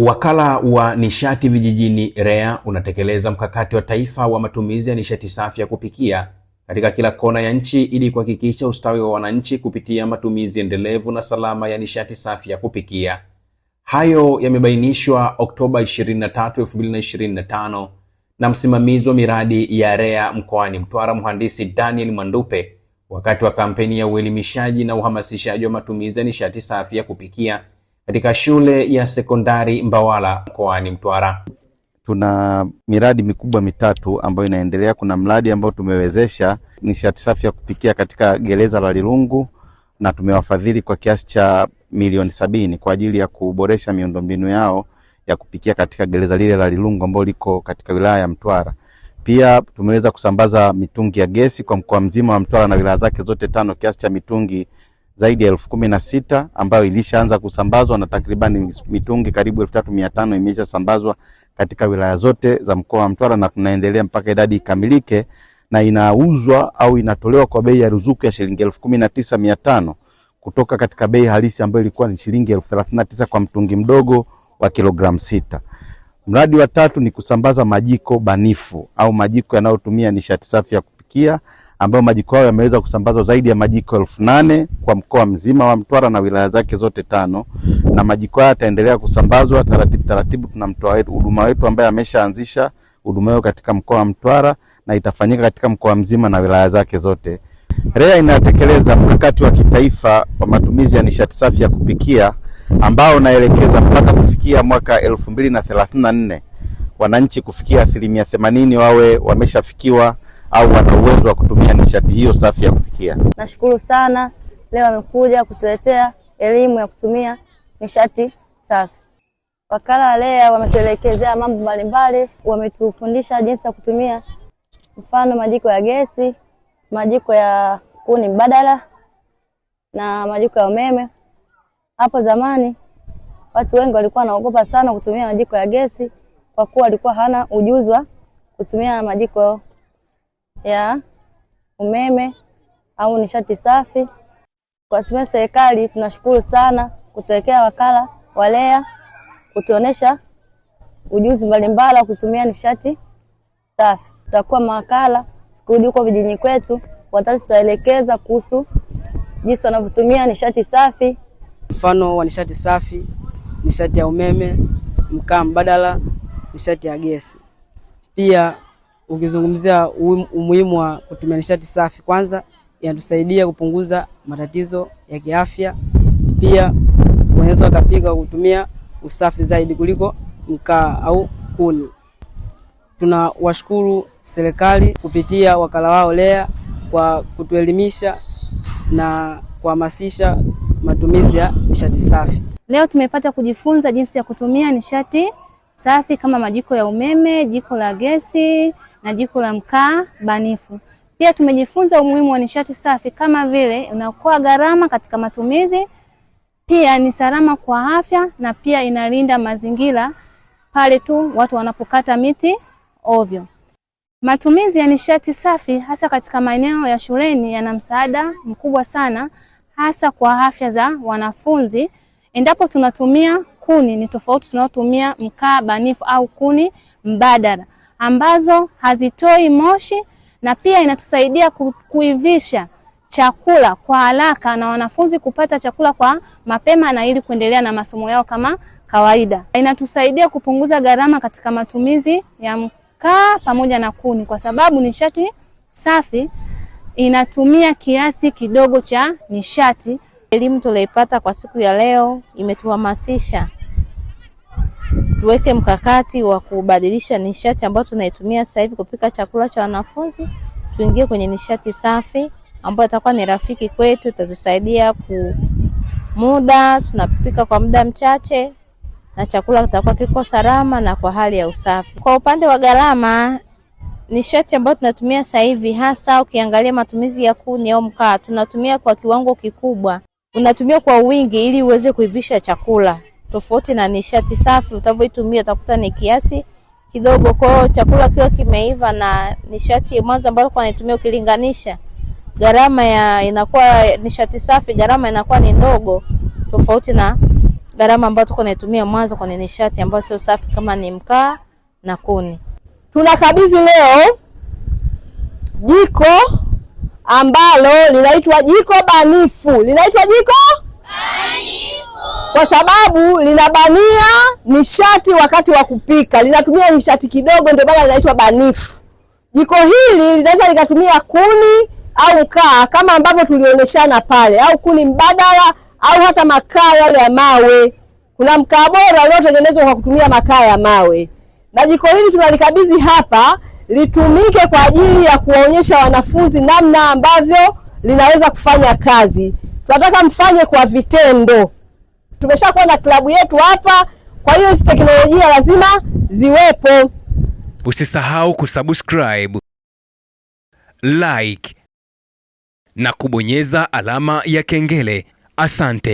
Wakala wa Nishati Vijijini REA unatekeleza mkakati wa taifa wa matumizi ya nishati safi ya kupikia katika kila kona ya nchi ili kuhakikisha ustawi wa wananchi kupitia matumizi endelevu na salama ya nishati safi ya kupikia. Hayo yamebainishwa Oktoba 23, 2025 na msimamizi wa miradi ya REA mkoani Mtwara, Mhandisi Daniel Mwandupe wakati wa kampeni ya uelimishaji na uhamasishaji wa matumizi ya nishati safi ya kupikia katika shule ya sekondari Mbawala mkoani Mtwara. Tuna miradi mikubwa mitatu ambayo inaendelea. Kuna mradi ambao tumewezesha nishati safi ya kupikia katika gereza la Lilungu na tumewafadhili kwa kiasi cha milioni sabini kwa ajili ya kuboresha miundombinu yao ya kupikia katika gereza lile la Lilungu ambalo liko katika wilaya ya Mtwara. Pia tumeweza kusambaza mitungi ya gesi kwa mkoa mzima wa Mtwara na wilaya zake zote tano kiasi cha mitungi zaidi ya elfu kumi na sita ambayo ilishaanza kusambazwa na takriban mitungi karibu elfu tatu mia tano imeshasambazwa katika wilaya zote za mkoa wa Mtwara na tunaendelea mpaka idadi ikamilike na inauzwa au inatolewa kwa bei ya ruzuku ya shilingi elfu kumi na tisa mia tano kutoka katika bei halisi ambayo ilikuwa ni shilingi elfu thelathini na tisa kwa mtungi mdogo wa kilogramu sita. Mradi wa tatu ni kusambaza majiko banifu au majiko yanayotumia nishati safi ya kupikia ambayo majiko hayo yameweza kusambazwa zaidi ya majiko elfu nane kwa mkoa mzima wa Mtwara na wilaya zake zote tano, na majiko hayo yataendelea kusambazwa taratibu taratibu. Tuna mtoa huduma wetu ambaye ameshaanzisha huduma hiyo katika mkoa wa Mtwara na itafanyika katika mkoa mzima na wilaya zake zote. REA inatekeleza mkakati wa kitaifa wa matumizi ya nishati safi ya kupikia ambao unaelekeza mpaka kufikia mwaka elfu mbili na thelathini na nne wananchi kufikia asilimia themanini wawe wameshafikiwa au wana uwezo wa kutumia nishati hiyo safi ya kufikia. Nashukuru sana leo amekuja kutuletea elimu ya kutumia nishati safi. Wakala wa REA wametuelekezea mambo mbalimbali, wametufundisha jinsi ya kutumia mfano majiko ya gesi, majiko ya kuni mbadala na majiko ya umeme. Hapo zamani watu wengi walikuwa wanaogopa sana kutumia majiko ya gesi kwa kuwa walikuwa hana ujuzi wa kutumia majiko ya umeme au nishati safi. Kwa sime serikali tunashukuru sana kutuwekea wakala walea kutuonesha ujuzi mbalimbali wa kusimamia nishati safi. Tutakuwa mawakala tukirudi huko vijijini kwetu, watatu tutaelekeza kuhusu jinsi wanavyotumia nishati safi, mfano wa nishati safi, nishati ya umeme, mkaa mbadala, nishati ya gesi pia ukizungumzia umuhimu wa kutumia nishati safi, kwanza inatusaidia kupunguza matatizo ya kiafya. Pia wanaweza ukapika kutumia usafi zaidi kuliko mkaa au kuni. Tunawashukuru serikali kupitia wakala wao LEA kwa kutuelimisha na kuhamasisha matumizi ya nishati safi. Leo tumepata kujifunza jinsi ya kutumia nishati safi kama majiko ya umeme, jiko la gesi na jiko la mkaa banifu. Pia tumejifunza umuhimu wa nishati safi kama vile inaokoa gharama katika matumizi, pia ni salama kwa afya na pia inalinda mazingira pale tu watu wanapokata miti ovyo. Matumizi ya nishati safi hasa katika maeneo ya shuleni yana msaada mkubwa sana hasa kwa afya za wanafunzi. Endapo tunatumia kuni ni tofauti tunaotumia mkaa banifu au kuni mbadala ambazo hazitoi moshi na pia inatusaidia kuivisha chakula kwa haraka na wanafunzi kupata chakula kwa mapema na ili kuendelea na masomo yao kama kawaida. Inatusaidia kupunguza gharama katika matumizi ya mkaa pamoja na kuni kwa sababu nishati safi inatumia kiasi kidogo cha nishati. Elimu tulioipata kwa siku ya leo imetuhamasisha tuweke mkakati wa kubadilisha nishati ambayo tunaitumia sasa hivi kupika chakula cha wanafunzi, tuingie kwenye nishati safi ambayo itakuwa ni rafiki kwetu, itatusaidia ku muda tunapika kwa muda mchache na chakula kitakuwa kiko salama na kwa hali ya usafi. Kwa upande wa gharama, nishati ambayo tunatumia sasa hivi, hasa ukiangalia matumizi ya kuni au mkaa, tunatumia kwa kiwango kikubwa, unatumia kwa wingi ili uweze kuivisha chakula tofauti na nishati safi. Utavyoitumia utakuta ni kiasi kidogo, kwa hiyo chakula kiwa kimeiva na nishati ya mwanzo ambayo kwa naitumia, ukilinganisha gharama ya inakuwa nishati safi, gharama inakuwa ni ndogo tofauti na gharama ambayo tuko naitumia mwanzo kwenye nishati ambayo sio safi kama ni mkaa na kuni. Tunakabidhi leo jiko ambalo linaitwa jiko banifu, linaitwa jiko kwa sababu linabania nishati wakati wa kupika, linatumia nishati kidogo, ndio maana linaitwa banifu. Jiko hili linaweza likatumia kuni au mkaa kama ambavyo tulionyeshana pale, au kuni mbadala au hata makaa yale ya mawe. Kuna mkaa bora uliotengenezwa kwa kutumia makaa ya mawe, na jiko hili tunalikabidhi hapa litumike kwa ajili ya kuwaonyesha wanafunzi namna ambavyo linaweza kufanya kazi. Tunataka mfanye kwa vitendo tumeshakuwa na klabu yetu hapa. Kwa hiyo hizi teknolojia lazima ziwepo. Usisahau kusubscribe, like na kubonyeza alama ya kengele. Asante.